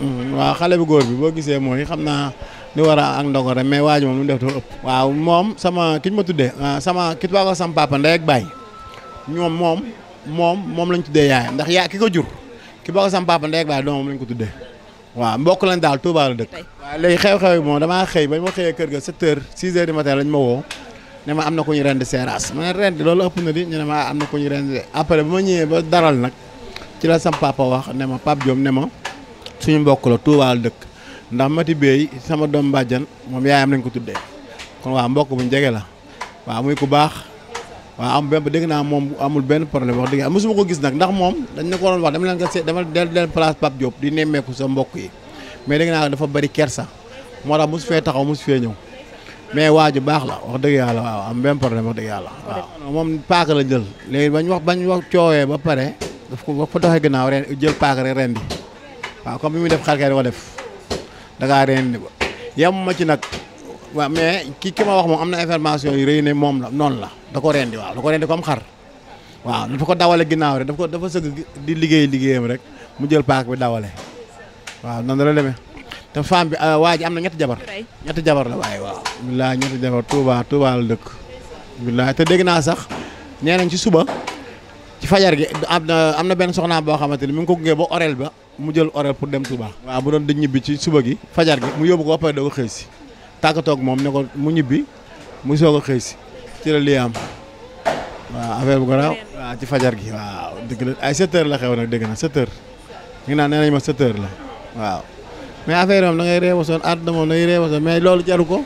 Mm-hmm. waaw xale bu góor bi boo gisee mooy xam naa li war a ak ndongo rek mais waaj moom mu def dafa ëpp. waaw moom sama ki ma tuddee ah, sama ki tubaab sama baay ñoom moom moom moom lañ tuddee yaayam ndax yaa ki ko jur ki bokk sama papa ndey ak baay doomam lañ ko tuddee waaw mbokk lañ daal Touba la dëkk. waaw léegi xew-xew yi moom damaa xëy ba ma xëyee kër ga 7 heures 6 heures du lañ ma woo ne ma am na ku ñu rendi seeraas ma ne rendi loolu ëpp na di ñu ma am na ku ñu rendi après ba ma ñëwee ba daral nag ci la sama papa wax ne ma Pape Diop ne ma suñu mbokk la Touba dëkk ndax ma ti Bey sama doom bàjjan moom yaayam lañ ko tuddee kon waa mbokk bu njege la waaw muy ku baax waa am benn dégg naa moom amul benn problème wax dëgg mosuma ko gis nag ndax dañ na ko waroon wax dama leen ko seet dama del del place Pape di nemmeeku sa mbokk yi mais dégg naa dafa bari kersa moo tax mosu fee taxaw mosu fee ñëw mais waa ji baax la wax dëgg yàlla waaw am benn problème wax dëgg yàlla waaw moom paaka la jël léegi bañ wax bañ wax coowee ba pare daf ko fa doxee gannaaw ren jël paaka rek ren bi waaw comme bi muy def xarkay da ko def da ngaa reen ni ko yem ma ci nag waaw mais kii ki ma wax moom am na information yu rëy ne moom la noonu la da ko rendi ko rendi comme xar waaw dafa ko dawale ginnaaw daf ko dafa sëgg di liggéey liggéeyam rek mu jël paak bi dawale waaw nan la demee te femme bi euh, waa ji am na ñetti jabar ñetti jabar la waaye waaw billaay ñetti jabar Touba Touba la dëkk billaay te dégg naa sax nee nañ ci suba ci fajar gi am na am na benn soxnaam boo xamante ni mi ngi ko gunge ba orel ba mu jël orel pour dem Touba. waa bu doon di ñibbi ci suba gi fajar gi mu yóbbu ko ba pare doo ko xëy si tàggatoo moom ne ko mu ñibbi mu soo a xëy si ci la lii am waa affaire bu garaaw waaw ci fajar gi waaw dëgg la ay 7 la xew nag dëgg na 7 heures ñu naan nee ma 7 la waaw mais affaire moom da ngay reewasoon àdduna moom da ngay reewasoon mais loolu jaru ko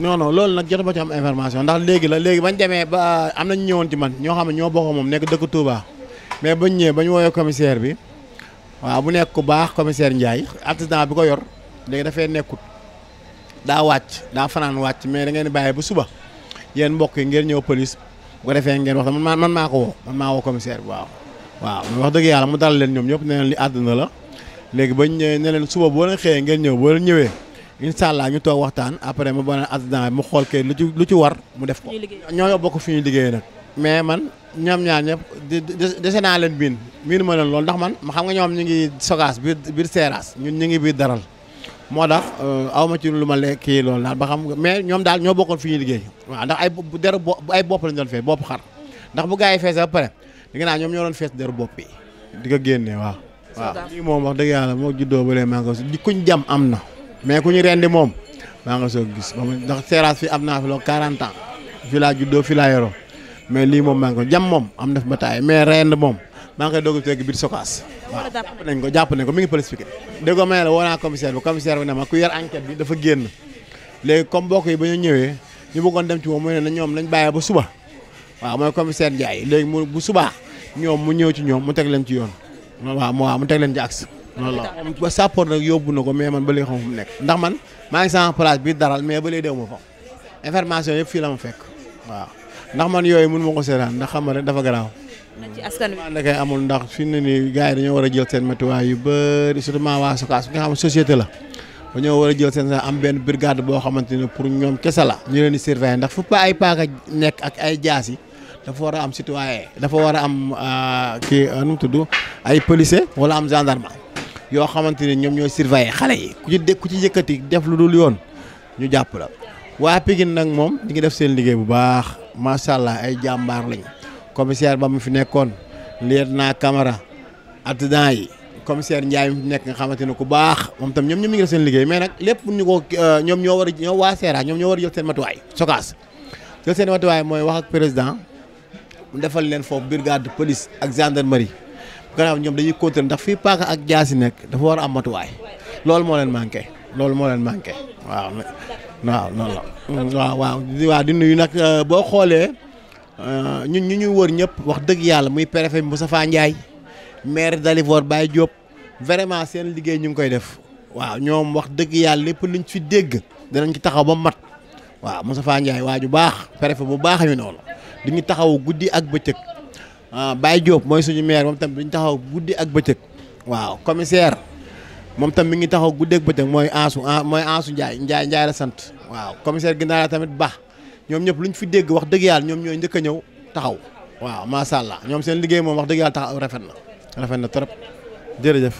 non loolu nag jot ba ci am information ndax léegi la léegi bañ demee ba am nañ ñëwoon ci man ñoo xam ne ñoo bokk moom nekk dëkk Touba mais bañ ñëwee bañ woowee commissaire bi waaw bu nekk ku baax commissaire Ndiaye artisan bi ko yor léegi dafay nekkut daa wàcc daa fanaan wàcc mais dangeen ngeen bàyyi ba suba yéen mbokk yi ngeen ñëw police bu ko defee ngeen wax man man maa ko woo man maa woo commissaire bi waaw. waaw wax dëgg yàlla mu dal leen ñoom ñëpp ne leen li àdduna la léegi bañ ñëwee ne leen suba boo leen xëyee ngeen ñëw boo leen ñëwee incha ñu toog waxtaan après mu ba leen mu xool kay lu ci lu ci war mu def ko. ñoo bokk fi ñuy liggéey mais man ñoom ñaar ñëpp dese naa leen miin miinu ma leen lool ndax man ma xam nga ñoom ñu ngi sogaas biir biir seeraas ñun ñu ngi biir daral moo tax euh, aw ma ci lu ma lee kii loolu daal ba xam mais ñoom daal ñoo bokkoon fi ñuy liggéey waaw ndax ay deru ay bopp lañ doon fees bopp xar ndax bu gaa yi feesee ba pare di naa ñoom ñoo doon fees deru bopp yi di ko génnee waa waaw lii moom wax dëgg yàlla moo juddoo ba léegi maa ngi ko di kuñ jam am na mais ku ñu rendi moom maa nga soog gis ndax seeraas fi am naa fi loo 40 ans fi laa laa yoroo mais lii moom maa ngi ko jam moom am na fi ba taay mais rend moom maa ngi koy doog a jàpp nañ ko jàpp ko mi ngi pëlis fiqué dégg ma ne la woo naa commissaire bi commissaire bi ne ma ku yor enquête bi dafa génn léegi comme bokk yi ba ñu ñëwee ñu bëggoon dem ci moom mu ne na ñoom nañ bàyyee ba suba waaw mooy commissaire Ndiaye léegi mu bu subaa ñoom mu ñëw ci ñoom mu teg leen ci yoon waaw waaw mu teg leen ci axe ba sàppoor nag yóbbu na ko mais man ba léegi xam mu nekk ndax man maa ngi sama place bi daral mais ba léegi dew ma fa information yëpp fii la mu fekk waaw ndax man yooyu mun ma ko seetaan ndax xam nga dafa garaaw. na ci askan wi da kay amul ndax fi mu ne nii gars yi dañoo war a jël seen matuwaay yu bëri surtout waa Sokaas bi nga xam ne société la dañoo war a jël seen am benn brigade boo xamante ne pour ñoom kese la ñu leen di surveiller ndax fu pa ay paaka nekk ak ay jaas dafa war a am citoyen dafa war a am ah, kii ah, nu mu tudd ay policier wala am gendarme yoo xamante ne ñoom ñooy surveiller xale yi ku ci dé ku ci yëkkati def lu dul yoon ñu jàpp la waa Pikine nag moom di ngi def seen liggéey bu baax. macha allah ay jàmbaar lañ commissaire ba mu fi nekkoon liet naa camara adjudant yi commissaire Ndiaye mu fi nekk nga xamante ne ku baax moom tam ñoom ñoom ñu ngi seen liggéey mais nag lépp ñu ko euh, ñoo war a ñoom waa seera ñoom ñoo war a jël seen matuwaay sokaas jël seen matuwaay mooy wax ak président mu defal leen foofu brigade police ak a gannaaw ñoom dañuy contrôler ndax fii paaka ak jaasi nekk dafa war a am matuwaay loolu moo leen manqué loolu moo leen manqué waaw waaw noonu la waaw waaw waaw di nuyu nag euh, boo xoolee euh, ñun ñu ñuy wër ñëpp wax dëgg yàlla muy préfet safaa Ndiaye maire Dalivor Baye Diop vraiment seen liggéey ñu ngi koy def waaw ñoom wax dëgg yàlla lépp luñ fi dégg danañ ci taxaw ba mat waaw Moustapha Ndiaye waa ju baax préfet bu baax ñu noonu duñu taxaw guddi ak bëccëg ah, Baye Diop mooy suñu maire moom tam duñu taxaw guddi ak bëccëg waaw commissaire moom tam mi ngi taxaw guddeeg bëccëg mooy Ansu ah, mooy Ansu Ndiaye Ndiaye Ndiaye la sant waaw commissaire Guinaara tamit baax ñoom ñëpp lu ñu fi dégg wax dëgg yàlla ñoom ñooy njëkk ñëw taxaw waaw macha allah ñoom seen liggéey moom wax dëgg yàlla taxaw rafet na rafet na trop jërëjëf